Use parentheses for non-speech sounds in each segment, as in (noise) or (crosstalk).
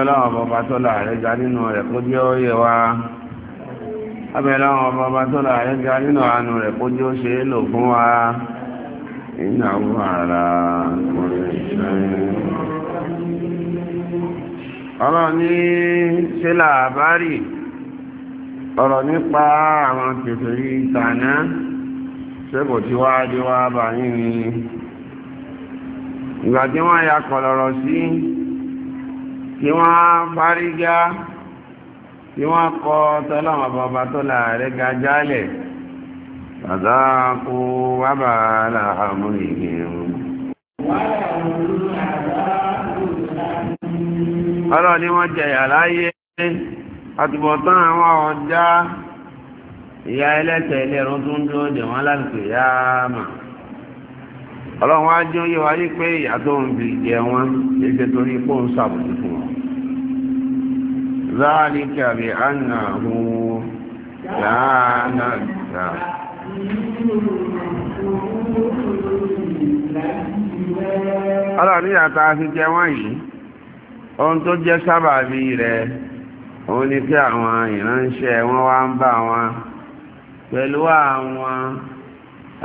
ọlọ́wọ́ ọba tó láàrẹ ga nínú rẹ̀ kó jẹ́ ó yẹ wá ọba tó láàrẹ ga nínú àánú rẹ̀ kó jẹ́ ó ṣe é lò fún wa ìnáwó ara ọ̀rọ̀ ní sílà àbárì ọ̀rọ̀ nípa àwọn kèfèrí tàná ṣé kò ti wá dé wá bàyí ni ìgbà tí wọ́n ya kọ̀lọ̀rọ̀ sí tí wọ́n fárígá tí wọ́n kọ tọ́lọ́wọ́ bàbá tó láàrẹ ga jálẹ̀ fàdákú wábà láàmú ìgbìyànjú ọlọ́ ni wọ́n jẹyà láyé àtùbọ̀tán àwọn ọjà ìyá ẹlẹ́tẹ̀ẹ́lẹ́rún tó ń dúró dè láti pè yáàmà ọlọ́run wá jẹ́ oyé wáyé pé ìyà tó ń bi jẹ wọn léṣe torí pò ń sàbòjú fún wọn láàrí kàrí àná òun láàánà ìgbà ọlọ́run ìyà tá wọ́n yìí ohun tó jẹ́ sábàbí rẹ̀ òun ni pé àwọn ìránṣẹ́ wọn wá ń bá wọn pẹ̀lú àwọn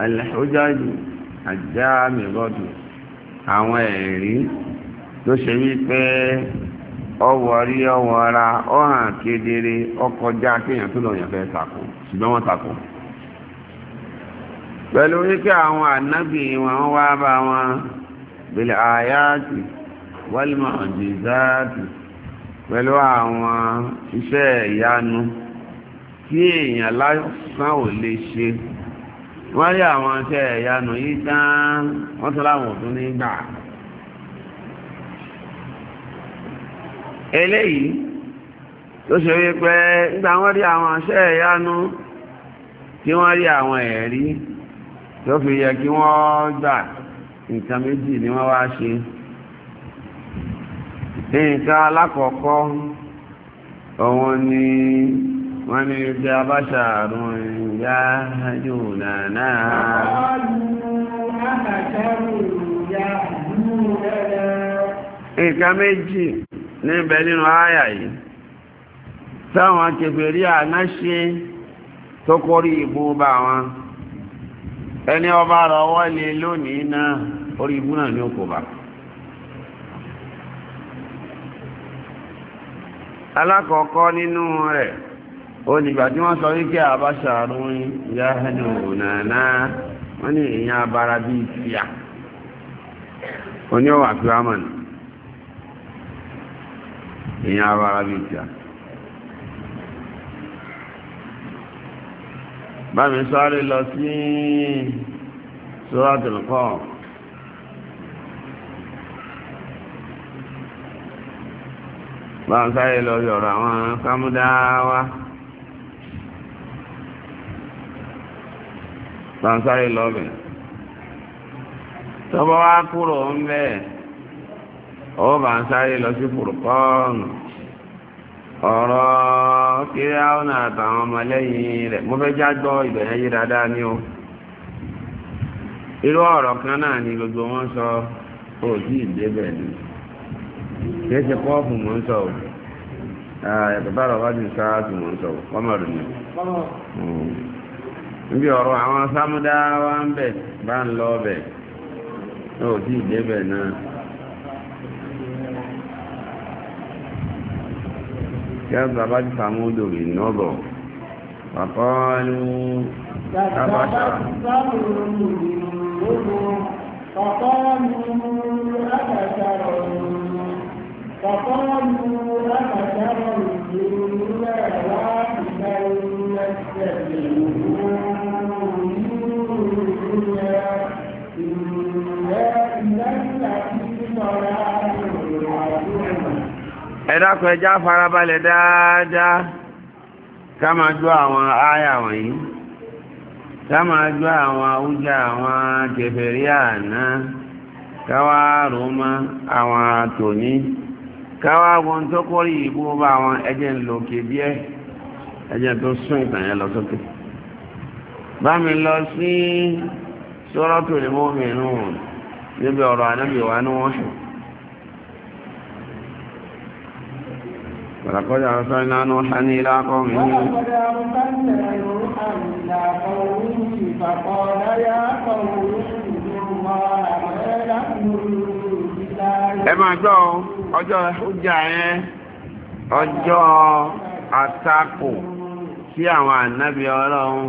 àlẹ́hójájú àjáàmì rọ́dù àwọn ẹ̀rí ló ṣe wípé ọwọ́ rí ọwọ́ ara ọ hàn kedere ọkọjá kéèyàn tó lọ́yàn fẹ́ takò ṣùgbọ́n wọ́n takò pẹ̀lú wípé àwọn ànábì wọn wá bá wọn bèlè àyáàtì wálìmọ̀ ọ̀dìzáàtì pẹ̀lú àwọn iṣẹ́ ìyanu tí èèyàn lásán ò lè ṣe wọ́n rí àwọn tẹ́ ẹ̀yánu yìí tán wọ́n tó láwọn òtún ní gbà. eléyìí tó ṣe wípé nígbà wọ́n rí àwọn ẹ̀yà nù tí wọ́n rí àwọn ẹ̀rí tó fi yẹ kí wọ́n gbà nǹkan méjì ni wọ́n wá ṣe. nǹkan alákọ̀ọ́kọ́ òun ni. wọ́n ní jẹ́ abáṣà àrùn ìyá ajú nànà. nǹkan méjì níbẹ̀ nínú àyà yìí táwọn kèfèrí àná tó kórí ìbú bá wọn ẹni ọba rọwọ́ lónìí náà orí ìbú náà ni bá. alákọ̀ọ́kọ́ nínú rẹ̀. olùgbà tí wọ́n sọ wípé àbáṣàrún yáhánù nàná wọ́n ní èèyàn abara bíi tíà oní ọ̀wà pírámọ̀nì èèyàn abara bíi tíà. bámi sáré lọ sí suratul Qaf. bámi sáré lọ sí ọ̀rọ̀ àwọn kámúdáwá. sansari lọ́bẹ̀ tọ́bọ̀ wá kúrò ń bẹ́ ọ bá ń sáré lọ sí fùrùkọ́ọ̀nù ọ̀rọ̀ kíra ọ̀nà àtàwọn ọmọlẹ́yìn rẹ̀ mo já gbọ́ ìbẹ̀rẹ̀ ní o irú ọ̀rọ̀ kan náà ni gbogbo wọn sọ ó sì débẹ̀ ni kìí ṣe sọ wájú sáà ń sọ níbi ọ̀rọ̀ àwọn sámúdá wá ń bẹ̀ bá ń lọ bẹ̀ náà tí ìdébẹ̀ náà kẹ́sà bá ti sàmúdò rí nọ́bọ̀ pàpọ́ọ̀lù tábàtà pàpọ́ọ̀lù ẹ̀dàkọ̀ ẹjá farabalẹ̀ dáadáa ká máa jọ àwọn áyà wọ̀nyí ká máa jọ àwọn awújá àwọn kèfèrí àná káwá roma àwọn tòní káwá tó kórì ìbú bá àwọn ẹjẹ́ ń lò kébí ẹ ẹjẹ́ tó sún ìtàn lọ sókè bá mi lọ sí níbi ọ̀rọ̀ ni wọ́n ولقد أرسلنا نوحا إلى قومه ولقد أرسلنا نوحا إلى قومه فقال يا قوم اعبدوا الله ما لكم ẹ máa gbọ́ ọjọ́ ìjà yẹn ọjọ́ àtakò sí àwọn ànábì ọlọ́run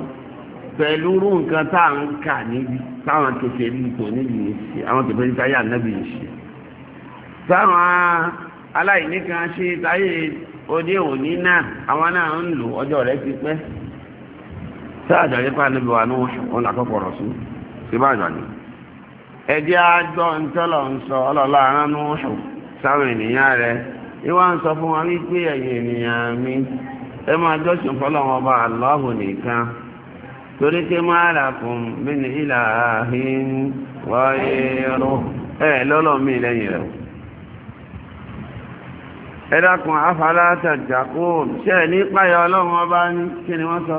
pẹ̀lú rú nǹkan tá à ń kà níbi táwọn kẹfẹ́ rí ipò níbi yìí ṣe àwọn kẹfẹ́ rí táyé ànábì yìí ṣe táwọn aláìníkan ṣe táyé dị òní náà àwọn náà ń lò ọjọ́ rẹ̀ ti pẹ́ sáàjà nípa níbi wà níwọ̀n rọ̀ sí ni ẹdí àjọ ntọ́lọ̀ ń sọ ọlọ́lá sáwọn ènìyàn rẹ ìwà ń sọ fún wa wípé ẹ̀yìn ènìyàn mi ẹ máa jọ́sìn wọn bá aláhùn nìkan torí pé rà fún mi ní ìlà ààhín wáyé ọ̀rọ̀ ẹ̀ lọ́lọ́ ẹ̀dàkùn afálátà jàkóòm ṣe ní páyà ọlọ́run ọba ní kí ni wọ́n sọ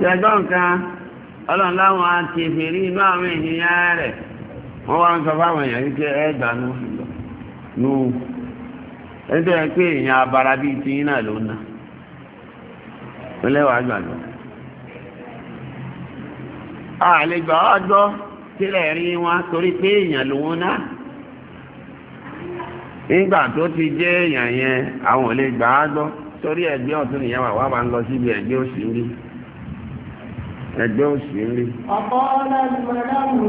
ṣẹgbọ́n kan ọlọ́run láwọn àti ìfèrí inú àwọn ènìyàn rẹ̀ wọ́n wá ń sọ fáwọn èèyàn wípé ẹgbà nù ẹgbẹ́ pé èèyàn abara bíi ti náà ló ń ná àlejò ọjọ́ sílẹ̀ rí wọn torí pé èèyàn lòun náà nígbà tó ti jẹ́ èèyàn yẹn àwọn olè gbà torí ẹgbẹ́ ọ̀tún nìyẹn wà wá ń lọ síbi ẹgbẹ́ òsì rí ẹgbẹ́ òsì rí. ọ̀pọ̀ rẹ̀ àjálù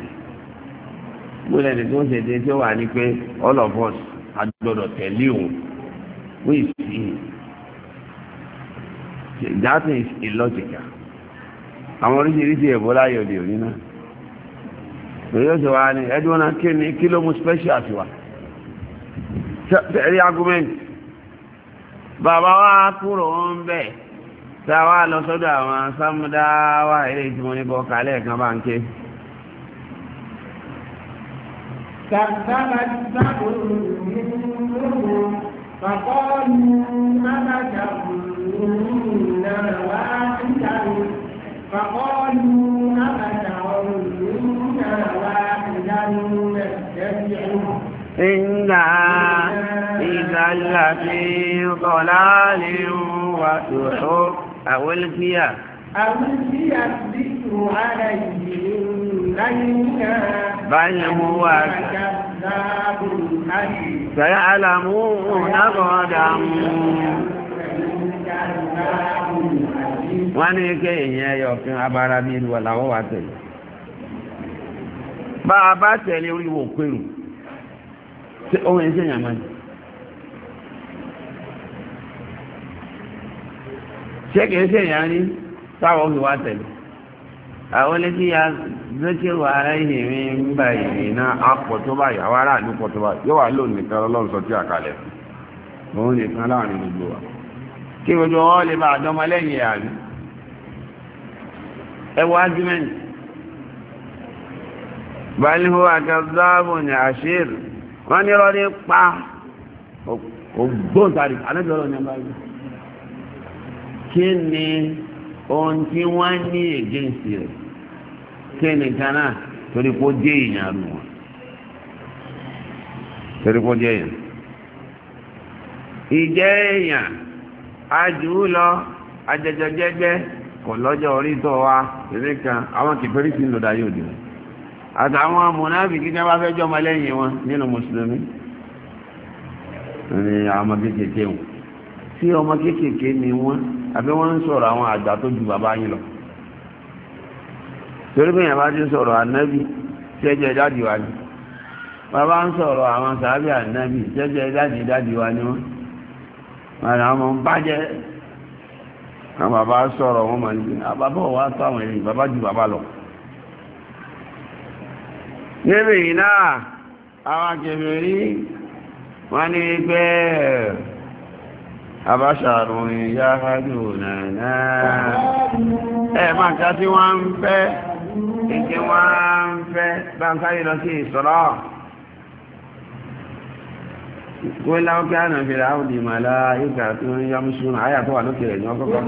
gbọ́dọ̀ ẹni tó ń ṣe dé wà ní pé all of us a gbọ́dọ̀ tẹ̀lé òun wí sí i that is illogical àwọn oríṣiríṣi ẹ̀bọ́ láyé òde òní náà èyí ó wa wá kí ni ló mú special sí wa tẹ̀lé argument bàbá wa kúrò ń bẹ̀ tá a wá lọ sọ́dọ̀ àwọn wa eré tí mo ní bọ́ kálẹ̀ كذبت سبعهم فقالوا أبدا منا واحدا فقالوا أبدا منا واحدا نتبعه إنا إذا لفي ضلال وسحور أو الفيا أو الفيا عليهم بل هو سيعلمون غدا wọ́n ní kí èèyàn ẹyọ fún abára ní ìlú ọ̀làwọ́ wà tẹ̀lé bá a bá tẹ̀lé oríwò pẹ̀lú tí ohun ẹ̀ṣẹ́ ìyàmá ni ṣé kìí ṣe ìyàmá ní táwọn òfin wà tẹ̀lé àwọn létí ya zẹ́kẹ̀rù aláìhè mi ń bá ìrìn náà apọ̀ tó báyìí àwọn aráàlú yóò wà lónìí nìkan lọ́lọ́run sọ tí àkàlẹ̀ òun nìkan láàrin gbogbo wa kí gbogbo wọn lè bá àdọ́mọ lẹ́yìn àrí ẹwọ argument báyìí wọn a ní àṣír wọn ní rọrí pa ògbóǹtarì ní kí ni ohun tí wọ́n tẹ́ nìkan torí kó jẹ́ èèyàn wọn torí kó jẹ́ èèyàn ìjẹ́ èèyàn ajù lọ orí tó wa èmi kan àwọn kìfẹ́rí sí ń lòdà yóò àtàwọn mùnáàbì kíkẹ́ bá fẹ́ jọmọ lẹ́yìn wọn nínú mùsùlùmí ní ọmọ wọn tí ni wọn àbí ń sọ̀rọ̀ àwọn àgbà tó ju bàbá lọ torí pé yàrá ti ń sọ̀rọ̀ ànábì jẹ́jẹ́ dáàdì wa ni bàbá ń sọ̀rọ̀ àwọn sàábì ànábì jẹ́jẹ́ dáàdì dáàdì wa ni wọ́n àwọn ọmọ ń bàjẹ́ àwọn bàbá sọ̀rọ̀ wọn màá níbi ah, àbábọ̀ wa tó àwọn èèyàn bàbá ju bàbá lọ. níbi iná àwọn akẹ́fẹ́ rí wọ́n ní pé àbáṣàrùn ìyá hajj náà ẹ̀ máa ká tí wọ́n ń fẹ́ ìkí wọ́n á ń fẹ́ báńkáyé lọ sí ìsọ̀rọ̀ wọ́n láwọn kí á nà fèrè àwọn di màlá ìkà tó ń yá mú súnà àyà tó wà lókè rẹ̀ ní ọkọ̀ kan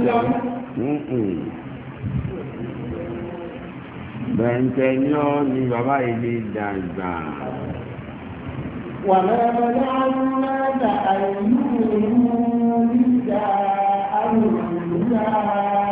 bẹ̀ǹtẹ̀ ni ó ní bàbá ìdí dàgbà وما منعنا أن يؤمنوا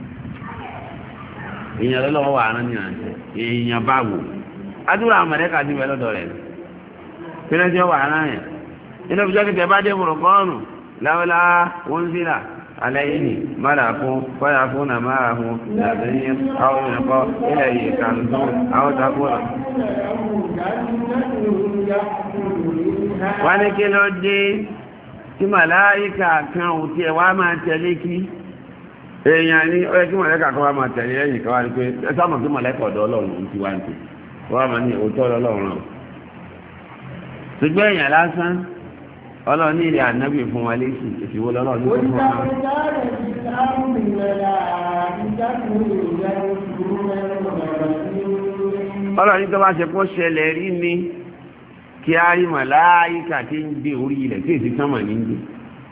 èèyàn lọ́wọ́ wà rán ní àǹtẹ èèyàn bá wò adúrà àmọ̀lẹ́kà ti bẹ lọ́dọ̀ rẹ̀ pínlẹ̀ tí ó wà rán yẹn inú ìjọ kìtẹ̀ bá dé kúrò kọ́ọ̀nù láwọlá wọn sílà alẹ́yìn ni mọ́là fún fọ́yà fún nà máa fún làbẹ́yìn àwọn ìrìnkọ́ ilẹ̀ yìí kan tó àwọn takúrò. wọ́n ní kí ló dé tí màláìkà kan ò tiẹ̀ wá máa tẹ̀lé kí. èèyàn ní ọyẹ kí mọ̀lẹ́kà kọ́ wa máa tẹ̀lé ẹ̀yìn kan wá ní pé ẹ kí mọ̀lẹ́kà ọ̀dọ̀ ọlọ́run ti wá ní pé wọ́n máa ní òótọ́ ọlọ́run rán. ṣùgbọ́n èèyàn lásán ọlọ́run ní ilẹ̀ ànábì fún wa lọ́lọ́run ló fún wa. ọlọ́run tó bá ṣe kó ṣẹlẹ̀ rí ni kí rí ń gbé orí ilẹ̀ tí èsì ní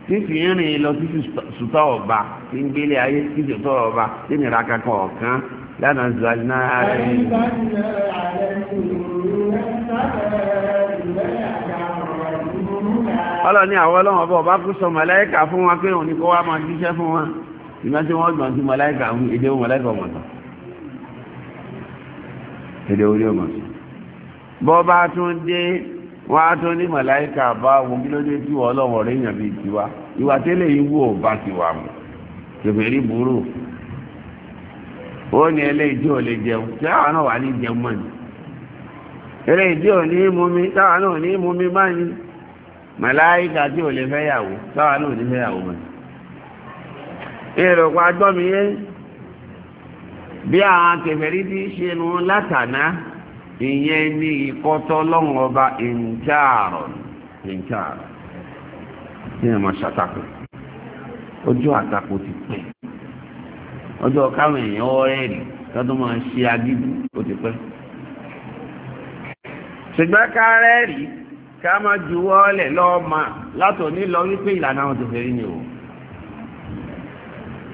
fífi rìn lọ títí sùtọ́ ọba tí ń gbélé ayé títí sùtọ́ ọba tí ní ra kankan ọ̀kan lánà zuwájúná rẹ̀. ọlọ́ni àwọn ọlọ́wọ́n ọba ọba kú sọ màláìkà fún wọn pé òun ní kó wá máa jíṣẹ́ fún wọn ìgbà tí wọ́n gbọ̀n sí màláìkà fún èdè òun màláìkà ọmọ̀tàn èdè orí bọ́ bá tún dé wọ́n á tó ní màláìka bá wọn kí ló dé tí wọ́n lọ́wọ́ rẹ̀ yàn bíi tiwa ìwà tẹ́lẹ̀ yìí wò bá ti wà mọ́ kẹfẹ́rí burú ó ní eléyìí lè jẹun tí náà wà ní jẹun mọ́ ni eléyìí tí ní mú mi táwọn náà ní mú mi má ni màláìka tí ò lè fẹ́yàwó táwọn náà ò ní fẹ́yàwó mọ́ ni èrò pa gbọ́ mi yé bí àwọn kẹfẹ́rí ti ṣe nu látàná. ìyẹn ní ìkọ́tọ́ lọ́wọ́ ọba ní ojú ti pẹ́ ọjọ́ káwọn èèyàn ọ̀rẹ́ rí tọ́tún máa ṣe agídú ó ti pẹ́ ṣùgbọ́n ká rẹ́rìí ká má juwọ́ lẹ̀ lọ́ọ́ látòní lọ wípé ìlànà àwọn tòfẹ́ rí ni o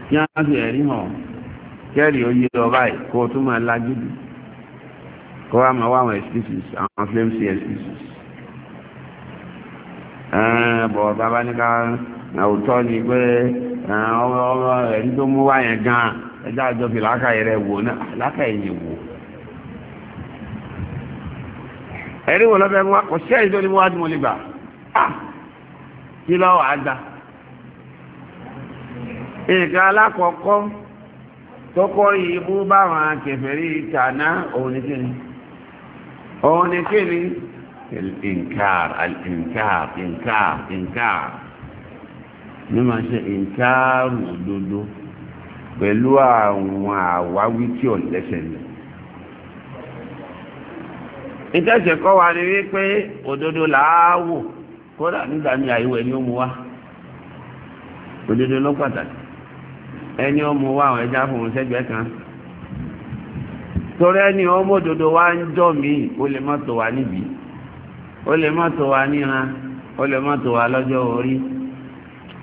kí fi ẹ̀rí hàn kẹ́rì ọba kó o tún máa kọ́ wa máa wá àwọn excuses àwọn flimsy excuses bọ̀ bàbá ní ká ni pé ọmọ ẹni tó mú wáyẹn gan ẹjọ́ àjọ fi làákàyè rẹ̀ wò náà làákàyè yẹn wò ẹ̀rí wọn lọ́fẹ́ mú kò sí tó ní mú tí mo lè gbà ah! òun ni kí ni al-inkar al-inkar inkar inkar ní máa ṣe ìnkáàrù òdodo pẹ̀lú àwọn àwáwí tí ò lẹ́sẹ̀ lẹ̀. ìtẹ́sẹ̀ kọ́ wa ni wípé òdodo làáwò kódà nígbà mi àyíwò ẹni ó mu wá òdodo ló pàtàkì ẹni ó mu wá àwọn ẹja fún un sẹ́gbẹ̀ẹ́ kan. torí ẹni ọmọ òdodo ń jọ mí o lè má tó o lè má tó o lè má tó lọ́jọ́ orí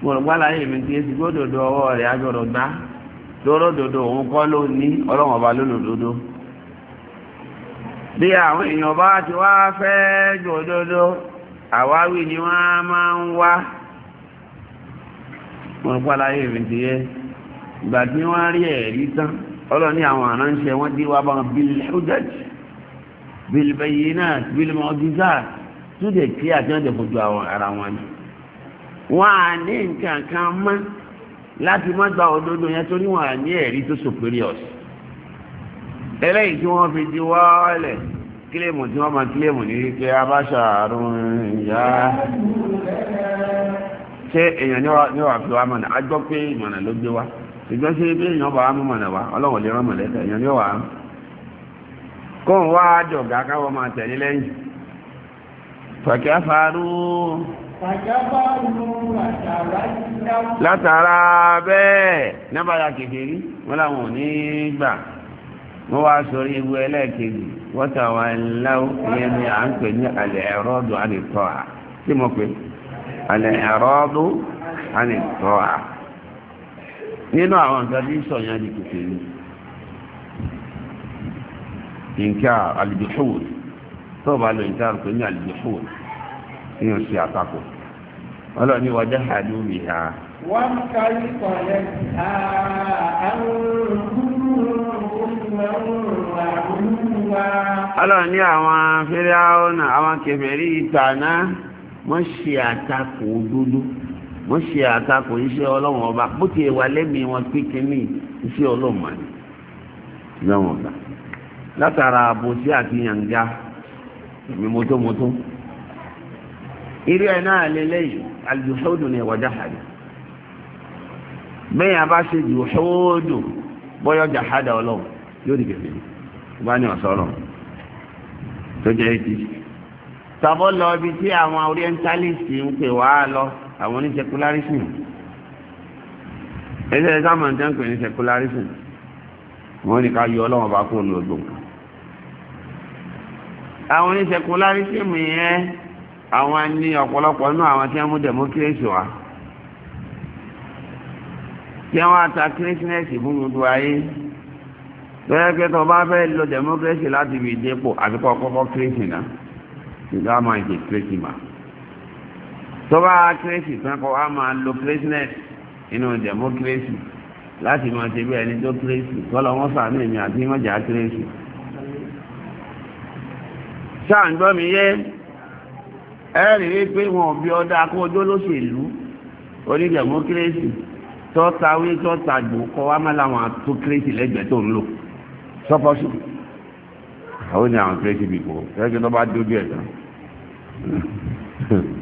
gbọ̀rọ̀gbá láyé mi ti èsì gbọ́dọ̀dọ̀ ọwọ́ rẹ̀ agbọ̀rọ̀ gbá lóró dodo òun kọ́ ló ní ọlọ́wọ́n ọba bí àwọn èèyàn bá ti wá fẹ́ àwáwí ni wọ́n máa ń wá láyé mi ti tí wọ́n rí tán ọlọ́ni àwọn àránṣẹ́ wọ́n dí wá bá bilhujaj bilbayinat bilmu'jizat tó dẹ̀ kí àti wọ́n dẹ̀ fojú ara wọn ni wọ́n á ní nǹkan kan mọ́ láti má gba òdodo yẹn torí wọ́n á ní ẹ̀rí tó superior eléyìí tí wọ́n fi di wọ́ọ́lẹ̀ kílèmù tí wọ́n máa kílèmù ní wípé abáṣà ìyá ṣé èèyàn ní wàá fi wá mọ̀nà a gbọ́ pé ìmọ̀nà ló gbé wá ṣùgbọ́n ṣe bí èèyàn bá wá mọ̀ mọ̀nà wá ọlọ́wọ̀n lè rán mọ̀lẹ́kà èèyàn ní ọ̀wà kó ń wá jọ̀gá káwọ́ máa tẹ̀lé lẹ́yìn fàkẹ́ farú látara bẹ́ẹ̀ nábàyà kékeré wọ́n láwọn ò ní gbà wọ́n wá sórí ewu ẹlẹ́ẹ̀kejì wọ́n tàwọn ẹ̀láwó ìyẹn ni à ń pè ní alẹ́ ẹ̀rọ dùn àdìtọ́ à tí mo pè alẹ́ ẹ̀rọ dùn àdìtọ́ à. nínú àwọn nǹkan tí ń sọ̀yàn di kékeré nǹkan tó bá lọ nǹkan pé ní alìbìhùn ní oṣù àtakò ọlọ́ni wọjá hàdú mi ha. wọ́n kárí pọ̀lẹ́ ọlọ́run àwọn fẹ́rẹ́ àwọn kèfèrí ìtànà wọ́n ṣe àtakò òdodo. wọ́n ṣe àtakò iṣẹ́ ọlọ́run ọba bó ti wà lẹ́mìí wọn pínpín ní iṣẹ́ ọlọ́run àná lọ́wọ́n ọba látara àbòsí àti yànjá mi mọ́tòmọ́tò irú ẹ̀ náà lélẹ́yìn alùsọ́dún ni ìwà jáhàdì bẹ́ẹ̀ a bá ṣe jù ṣọ́ọ́dù bọ́yọ̀ jáhàdà ọlọ́run yóò di kẹfẹ́ bá ní ọ̀sọ́ tó jẹ́ etí tàbọ̀ lọ ibi tí àwọn orientalist ń pè wá lọ àwọn oní secularism ẹsẹ̀ ẹ̀sẹ̀ àmọ́ ní tẹ́ǹkì ní secularism wọ́n ní ká yọ ọlọ́wọ́n bá kúrò ní odò àwọn oní secularism yẹn àwọn ní ọ̀pọ̀lọpọ̀ nínú àwọn tí wọ́n mú democracy wá tí wọ́n ata kírísínẹ́sì fún gbogbo ayé bẹ́ẹ̀ pé bá fẹ́ lo democracy láti fi dépò àfikọ́ kọ́kọ́ kírísì náà ìgbà máa ń ṣe tọ́ba kírésì tán kọ́ a máa lo kírésìnẹ́t inú jẹ̀mú kírésì láti máa ṣe bí ẹni tó kírésì kọ́lọ́ wọn sàánú èmi àti mọ́jà kírésì. sáà ń gbọ́ mi yé ẹ rí i pé wọn ò bí ọdá kó ojó lóṣèlú oníjẹ̀mú kírésì tọ́ta wí tọ́ta jù kọ́ wa máa láwọn àtó kírésì lẹ́gbẹ̀ẹ́ tó ń lò sọ́pọ́sù. àwọn ènìyàn kírésì bìbò kẹ́kẹ́ tó bá dójú ẹ̀ tán. (laughs)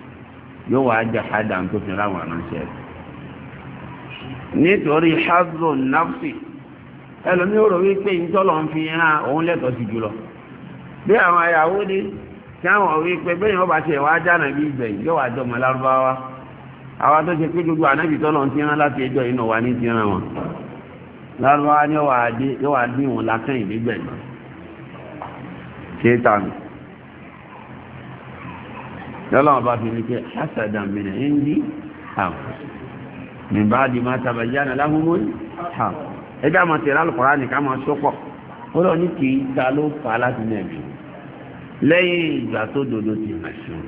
yóò wá jẹ hádà tó fi ráwọn ránṣẹ́ nítorí nafsi ẹlòmí rò wípé ìjọlọ ń fi hàn òun lẹ́tọ̀ọ́ sí jùlọ bí àwọn ayàwó ní tí àwọn wípé bẹ́ẹ̀ wọ́n bá ṣe wá jáná bí ìgbẹ̀yìn yóò wá jọmọ lárúbáwá tó ṣe pé gbogbo ànábì tọ́lọ̀ ń ti hàn láti ẹjọ́ ní wọn lárúbáwá ni yóò wá dín òun lákàn ṣé tàbí lọ́lọ́wọ́ bá fi ní pé hasadan min indi àwọn min ba'di ma tabayyana lahumul haqq ẹgbẹ́ àwọn tẹ̀lé alùpùpù ní ká máa sọ́pọ̀ ó lọ ní kì í ta ló fà á láti ní ẹ̀mí lẹ́yìn ìgbà tó dodo ti hàn sí wọn.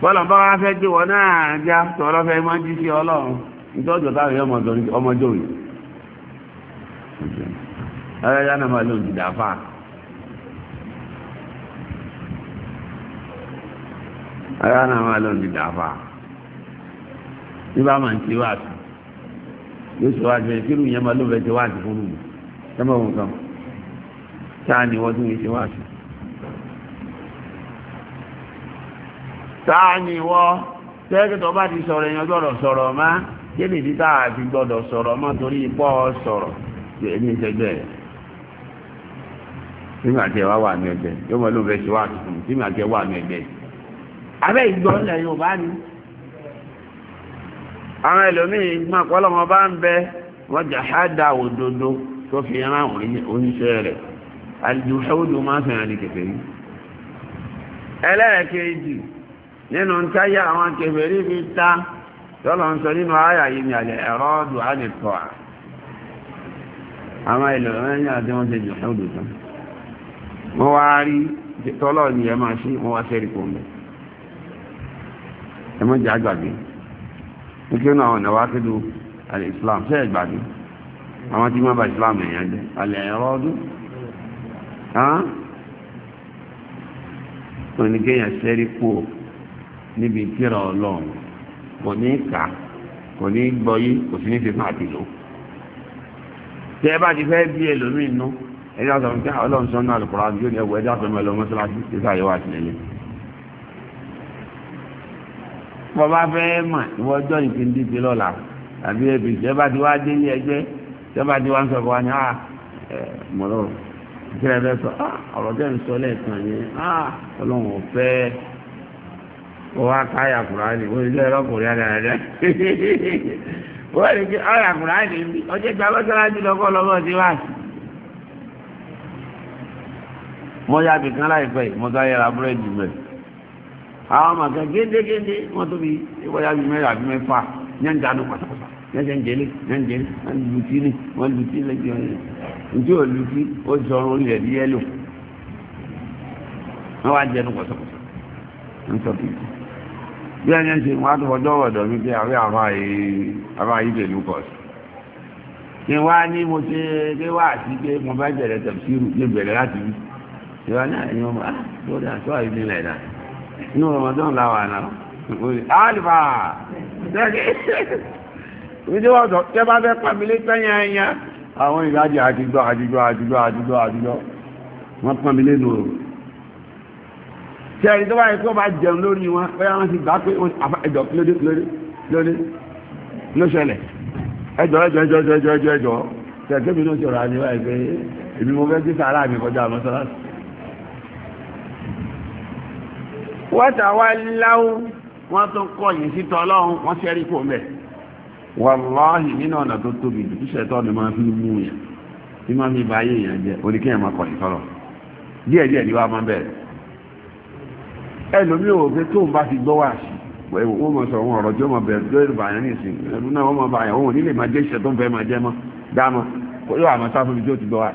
bọ́lá bá wá fẹ́ gbé wọn náà já tọ́lọ́ fẹ́ máa jí sí ọlọ́run ìtọ́jọ́ táwọn yóò ọmọdé òní. ẹ̀rọ yánà máa lóun ti dà ara na máa lọ ní dàáfà ní bá máa ń ti wá sí yóò ṣe wájú ẹ kírun yẹn máa ló fẹ́ ṣe wá sí fún ti má kí ni ìdí táà fi gbọ́dọ̀ sọ̀rọ̀ mọ́ torí ipò sọ̀rọ̀ ní ìṣẹ́gbẹ́ rẹ̀ tí màá wá wà ní ẹgbẹ́ yóò máa ló fẹ́ ṣe wá abẹ́ ìgbọ́ ńlẹ̀ Yorùbá ni àwọn ẹlòmíì gbọ́n pọ́lọ́mọ bá ń bẹ wọ́n jà ṣáàdà òdodo tó fi rán oníṣẹ́ rẹ̀ àjùṣẹ́wòdò máa fẹ̀rẹ̀ ní ẹlẹ́ẹ̀kejì nínú táyà àwọn fi ta tọ́lọ̀ ń sọ nínú àyà yìí ní àlẹ́ ẹ̀rọ ọdún á lè tọ́ àwọn ẹlòmíì àti wọ́n ṣe jùṣẹ́wòdò tán wọ́n wá rí tọ́lọ̀ ẹ máa ṣe wá kò mẹ́ta ẹ mọ́ jẹ́ àgbàgbé nítorí náà àwọn ìnáwó akédo alẹ́ islam ṣe é gbàgbé àwọn tí wọ́n bá islam èèyàn jẹ́ alẹ́ ẹ̀rọ ọdún oníkéèyàn ṣẹ́rí kú níbi tíra ọlọ́run kò ní kà kò ní gbọ́yé kò sí ní fífún àti lò tẹ́ ẹ bá ti fẹ́ bí ẹlòmíín nú ẹ̀yà sọ̀rọ̀ tí ọlọ́run sọ́nà àlùkò rà ní ẹ̀wọ̀ ẹ̀dá pẹ̀lú ọlọ́mọṣáláṣí tí àtìlẹ́yìn bọ́bá fẹ́ mà ìwọ ọjọ́ yìí kí n dìbò lọ́la àbí ẹbí ìjọba tí wàá dé ilé ẹgbẹ́ ìjọba tí wàá ń sọ fún wa ní à ah, ẹ mọ̀rọ̀ ìkírẹ́ bẹ́ẹ̀ sọ ah, ọ̀rọ̀ tẹ̀ ń sọ lẹ́ẹ̀kan yẹn à ah, ọlọ́run ò fẹ́ wọ́n á ká àyàkùrá ni wọ́n ilé ẹ̀rọ kò rí ara rẹ̀ wọ́n rí àyàkùrá ni ọjọ́ ìgbà lọ́sọ̀rọ̀ lọ́kọ́ lọ́kọ́ ti wá sí. mo yá bìkan láìpẹ́ mo sáré ra búrẹ́dì bẹ́ẹ̀ àwọn màkà géńdégéńdé wọ́n tó bí ìwọ́yá bí mẹ́rin àbí mẹ́fà yẹn ń dànù pátápátá yẹn ń jẹlé yẹn ń jẹlé wọ́n lu tí ní wọ́n lu tí lẹ́gbẹ̀ẹ́ ọ̀rẹ́ ntí ò lu tí ó sọ̀rọ̀ olè ní yẹ́lò wọ́n wá jẹnu pátápátá ń sọ kí bí ẹni ń ṣe wọ́n á tó fọjọ́ ọ̀dọ̀ mi pé àwẹ́ àwọn àyè lè lù pọ̀ sí kí wá ní mo ṣe pé wá àti pé mo bá bẹ̀rẹ̀ tẹ̀síìrù lè bẹ̀rẹ̀ láti rí ìwà náà ni wọ́n mọ̀ á tó dáa tó àyè ah, nílẹ̀ inú Ramadan láwà náà alifa ìdí wọ́n sọ tẹ́ bá fẹ́ pàmílé tẹ́yìn ẹ̀yà àwọn ìdájì àtijọ́ àtijọ́ àtijọ́ àtijọ́ àtijọ́ wọ́n pàmílé nù rò tẹ́rì tó bá yẹ kó bá jẹun lórí wọn bẹ́ẹ̀ wọ́n ti gbà pé ẹjọ́ lóde lóde lóde ló ṣẹlẹ̀ ẹjọ́ ẹjọ́ ẹjọ́ ẹjọ́ ẹjọ́ ẹjọ́ tẹ̀kébì ló ṣọ̀rọ̀ àníwá ẹgbẹ́ èmi mo fẹ́ kí sàárà mi kọjá mọ́sálásí watawallaw wọ́n tó kọ̀yìn sí tọ́lọ́run wọ́n ṣẹ́rí kò mẹ́ wàláhì nínú ọ̀nà tó tóbi jù tọ́ ni máa fi mú yẹn tí máa fi báyé èèyàn jẹ oníkẹ́yàn máa kọ̀yìn díẹ̀díẹ̀ ni wá máa bẹ̀rẹ̀ bá gbọ́ wá sí wọ́n mọ̀ tó náà wọ́n mọ̀ òun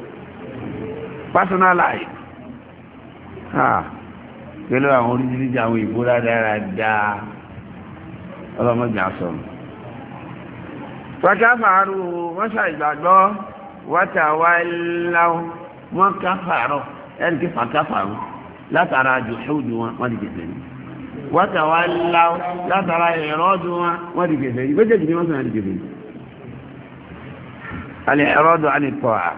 personal life Ah, pẹ̀lú àwọn oríṣiríṣi àwọn ìbúra dáradára ọlọ́mọdé àsọ̀rọ̀ wàtàfàárù wọ́n ṣàìgbàgbọ́ wàtàwáláwọ́ wọ́n káfàárọ̀ ẹni tí fàtàfàárù látara jùhúdù wọn wọ́n di kẹfẹ́ ni wàtàwáláwọ́ látara ìrọ́dù wọn wọ́n di kẹfẹ́ ni méjèèjì ni wọ́n sọ̀rọ̀ di kẹfẹ́ ni alẹ́ ìrọ́dù alẹ́ pọ̀ àá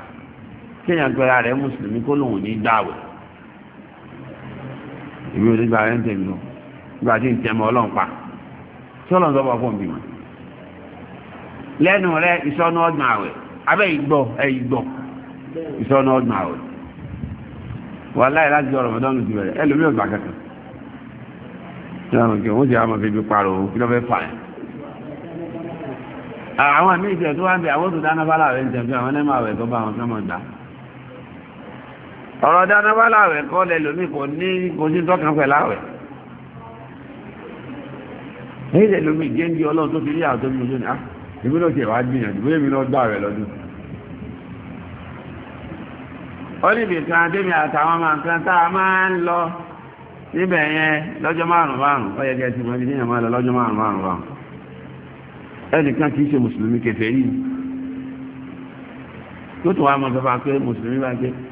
kéèyàn gbẹ́ra rẹ̀ mùsùlùmí kó lòun ní dáwẹ̀ ìwé onígbà rẹ̀ ń tẹ̀mí lọ nígbà tí ń tẹ̀mọ́ ọlọ́run pa tí ọlọ́run sọ́kọ̀ fún bímọ. lẹ́nu rẹ̀ ìsọnù ọgbọ̀n àwẹ̀ abẹ́ ìgbọ́ ẹ̀ ìgbọ́ ìsọnù ọgbọ̀n àwẹ̀ wà láì láti ọ̀rọ̀ mọ́tọ́nù ti bẹ̀rẹ̀ ẹlòmí ọgbà kankan ìlànà kí wọ́n ti àmọ́ fi bí parọ́ kí ló fẹ́ fà ẹ́ àwọn àmì ìtẹ̀ tó wá ń bẹ àwọn tó dáná bá láàrẹ̀ ń tẹ̀ fún àwọn ẹ̀mọ́ àwẹ̀ tó bá wọn sọ́mọ́ gbà ọ̀rọ̀ dáadáa bá láwẹ̀ kọ́ lẹ kò ní ojú tọ́kàn pẹ̀ láwẹ̀ nílẹ̀ lómi géńdé ọlọ́run tó fi rí àwọn ojú ni á ìbí ló ṣe wá gbìyànjú náà rẹ̀ lọ́dún ó ní kan àtàwọn máa kan tá a máa ń lọ níbẹ̀ yẹn lọ́jọ́ márùn márùn ó yẹ kẹ́ ti mọ ibi lọ lọ́jọ́ márùn márùn ẹnìkan kì í ṣe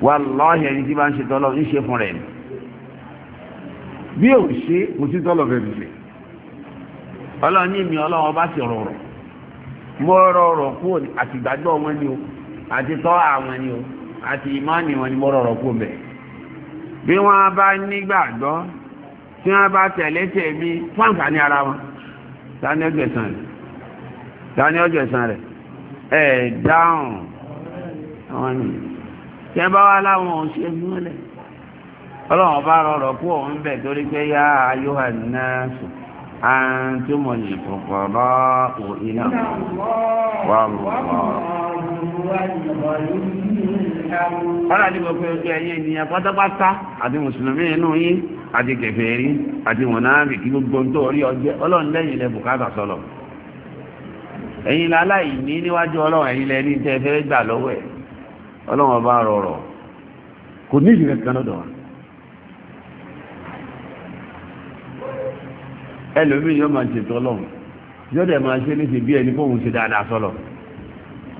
wàláhì ẹni tí bá ń ṣe tọ́lọ̀ ń ṣe fún rẹ̀ ni bí ṣe kò sí tọ́lọ̀ bẹ̀rẹ̀ ṣe mi ọlọ́run bá sì rọrọ̀ mo rọrọ̀ kúrò àti ìgbàgbọ́ wọn ni o àti tọ́ àwọn ni o àti ìmánì wọn ni mo rọrọ̀ kúrò bí wọ́n bá nígbàgbọ́ tí wọ́n bá tẹ̀lé tẹ̀mí fún àǹfààní ara wọn tani ọjọ́ rẹ̀ tani ọjọ́ rẹ̀ ẹ̀ dáhùn àwọn tí ẹ bá wá láwọn múlẹ̀ ọlọ́run bá rọrọ̀ kú òun bẹ̀ torí pé yá ayóhà náà ń tó mọ̀ ní òhìnà wà ọ̀rọ̀ àdìgbò pé ojú ẹ̀yìn ènìyàn pátápátá àti mùsùlùmí inú yín àti àti kí gbogbo tó ọlọ́run lẹ́yìn bùkátà ẹ̀yin ní níwájú ọlọ́run ẹ̀yin lẹ́ni tẹ́ ọlọ́run ọba rọrọ̀ kò ní ìdí kankan wọn wa ẹlòmíì yóò máa ṣètò ọlọ́run yóò dẹ̀ máa ṣe níṣe bí ẹni fóun ṣe dáadáa sọ́lọ̀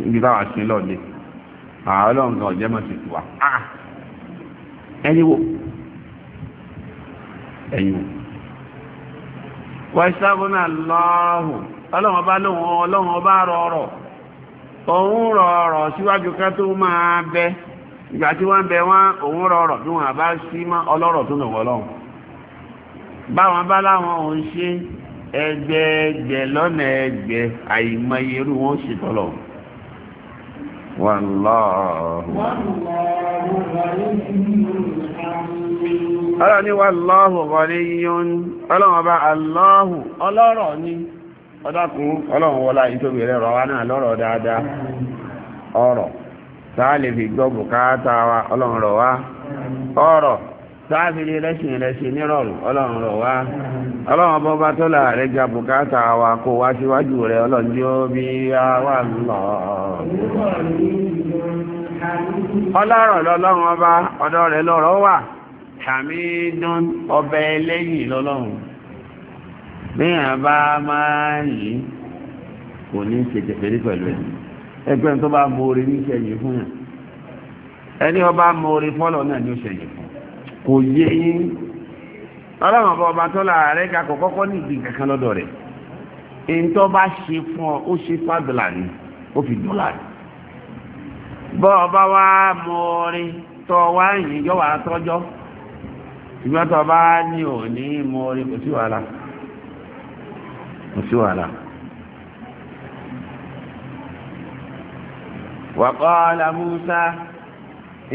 níbi báwa ṣe lọ́ọ̀dẹ àwọn ọlọ́run kan ọ̀jẹ́ máa ṣètò wa ẹni wo ẹ̀yìn wò wọ́n lọ́ọ̀hùn ọlọ́run ọba lóhùn ọlọ́run ọba rọrọ̀. òun rọ ọ̀rọ̀ síwájú ká tó máa bẹ ìgbà tí wọ́n bẹ wọ́n òun rọ bí wọ́n bá sí mọ́ ọlọ́rọ̀ tó lọ́wọ́ lọ́wọ́ báwọn bá láwọn òun ṣe lọ́nà àìmọye irú wọn ṣe tọ́lọ̀ wàláhù ọlọ́ni wàláhù ni. ọdákun ọlọ́run wọlá ìtòbí rẹ̀ rọwa náà lọ́rọ̀ dáadáa ọ̀rọ̀ táà lè fi gbọ́ bùkátà wa ọlọ́run rọwa. ọ̀rọ̀ táà fi rẹ́sìn rẹ́sìn nírọ̀rùn ọlọ́run ọlọ́run rẹ̀ wa kó wá síwájú rẹ̀ ọlọ́run tí ó ọlọ́rọ̀ ọba bíyàn bá máa yìí kò ní ṣe pẹ̀lú ẹ̀ ẹgbẹ́ tó bá mọ̀ọ́rẹ́ ní fún yàn ẹni ọba mọ̀ọ́rẹ́ fọ́lọ̀ náà ní ṣẹ̀yìn fún kò yé yín ọlọ́run ọba ọba tó láàárẹ̀ kakọ̀ kọ́kọ́ ní ìdí kankan lọ́dọ̀ rẹ̀ ṣe fún ọ ó ṣe fàdùlà ni ó fi dùlà ni bọ́ ọba wa tọ́ wá yìí yọ tọ́jọ́ ọba ní òní kò sí wàhálà. kò sí wàhálà. wàkọ́lá musa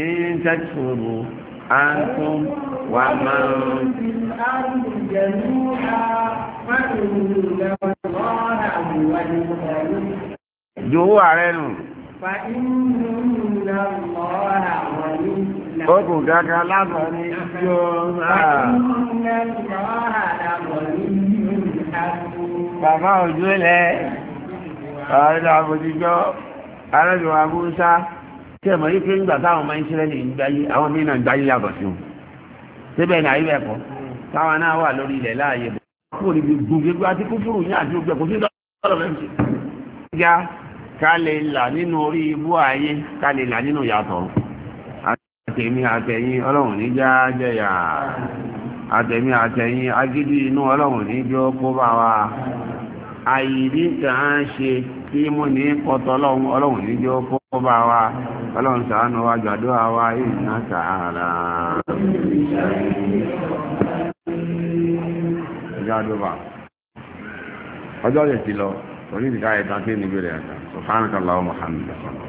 in tẹ́tùrù antum wà máa ń. jòwó ààrẹ nù. Ó kò gága lábọ̀ ní yóò máa. bàbá òjú lẹ ọ̀rọ̀ àbòjújọ́ arábìnrin abúrúsá tí ẹ̀mọ̀ yí pé ń gbà táwọn ọmọ ìṣẹ́lẹ̀ ní àwọn gbáyé yàtọ̀ sí wọn síbẹ̀ ní àríwẹ̀ ẹ̀kọ́ táwọn náà wà lórí ilẹ̀ láàyè bọ̀ àtẹ̀mí àtẹ̀yìn ọlọ́run ní àtẹ̀mí àtẹ̀yìn agídí inú ọlọ́run àyírí kan ṣe tí mo ní pọ̀tọ̀ ọlọ́run ọlọ́run níjọ́ kó bá wa ọlọ́run ṣàánú wa gbàdúrà wa ìrìnà sàárà ọjọ́ yẹ̀ ti lọ orí ìdíkà ẹ̀ta tí ó níbi rẹ̀ ẹ̀ta sọ̀fánàkà